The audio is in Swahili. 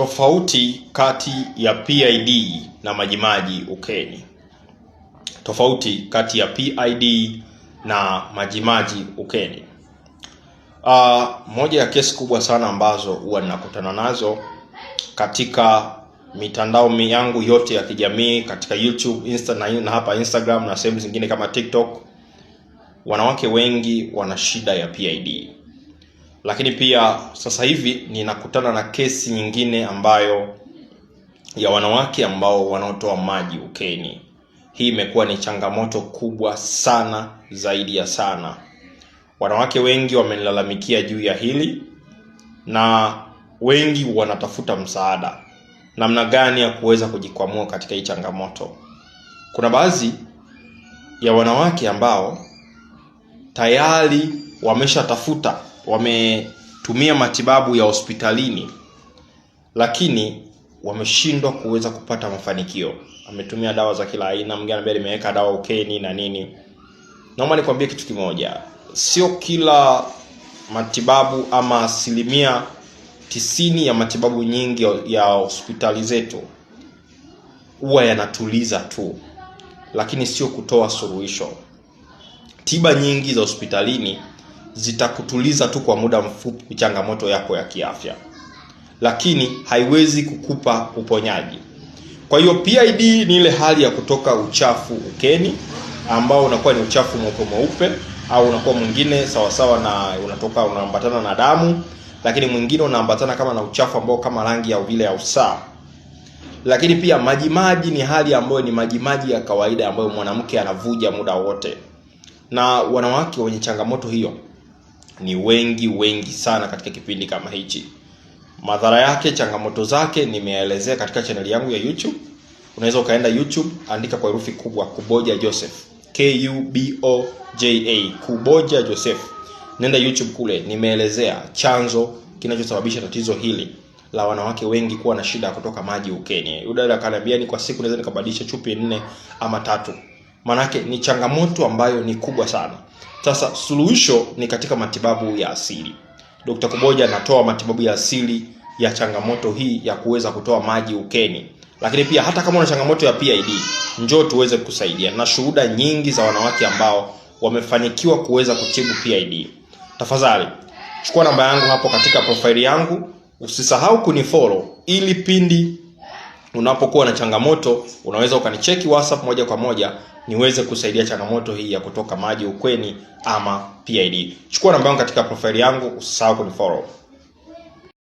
Tofauti kati ya PID na majimaji ukeni. Tofauti kati ya PID na majimaji ukeni. Uh, moja ya kesi kubwa sana ambazo huwa ninakutana nazo katika mitandao yangu yote ya kijamii katika YouTube, Insta na, na hapa Instagram na sehemu zingine kama TikTok, wanawake wengi wana shida ya PID. Lakini pia sasa hivi ninakutana na kesi nyingine ambayo ya wanawake ambao wanaotoa maji ukeni. Hii imekuwa ni changamoto kubwa sana zaidi ya sana. Wanawake wengi wamelalamikia juu ya hili na wengi wanatafuta msaada namna gani ya kuweza kujikwamua katika hii changamoto. Kuna baadhi ya wanawake ambao tayari wameshatafuta wametumia matibabu ya hospitalini, lakini wameshindwa kuweza kupata mafanikio. Ametumia dawa za kila aina, mgeni ambaye limeweka dawa ukeni na nini. Naomba nikwambie kitu kimoja, sio kila matibabu ama asilimia tisini ya matibabu nyingi ya hospitali zetu huwa yanatuliza tu, lakini sio kutoa suluhisho. Tiba nyingi za hospitalini zitakutuliza tu kwa muda mfupi changamoto yako ya kiafya, lakini haiwezi kukupa uponyaji. Kwa hiyo PID ni ile hali ya kutoka uchafu ukeni ambao unakuwa ni uchafu mweupe mweupe, au unakuwa mwingine sawasawa na unatoka unaambatana na damu, lakini mwingine unaambatana kama na uchafu ambao kama rangi ya vile ya usaa. Lakini pia majimaji ni hali ambayo ni majimaji ya kawaida ambayo mwanamke anavuja muda wote, na wanawake wenye changamoto hiyo ni wengi wengi sana katika kipindi kama hichi. Madhara yake, changamoto zake nimeelezea katika chaneli yangu ya YouTube. Unaweza ukaenda YouTube, andika kwa herufi kubwa Kuboja Joseph, K U B O J A, Kuboja Joseph. Nenda YouTube kule, nimeelezea chanzo kinachosababisha tatizo hili la wanawake wengi kuwa na shida ya kutoka maji ukeni. udada akaniambia ni kwa siku naweza nikabadilisha chupi nne ama tatu manake ni changamoto ambayo ni kubwa sana. Sasa suluhisho ni katika matibabu ya asili. dokta Kuboja anatoa matibabu ya asili ya changamoto hii ya kuweza kutoa maji ukeni, lakini pia hata kama una changamoto ya PID njoo tuweze kusaidia, na shuhuda nyingi za wanawake ambao wamefanikiwa kuweza kutibu PID. Tafadhali chukua namba yangu hapo katika profaili yangu, usisahau kunifollow ili pindi unapokuwa na changamoto unaweza ukanicheki WhatsApp moja kwa moja niweze kusaidia changamoto hii ya kutoka maji ukweni ama PID. Chukua namba yangu katika profile yangu, usisahau kunifollow.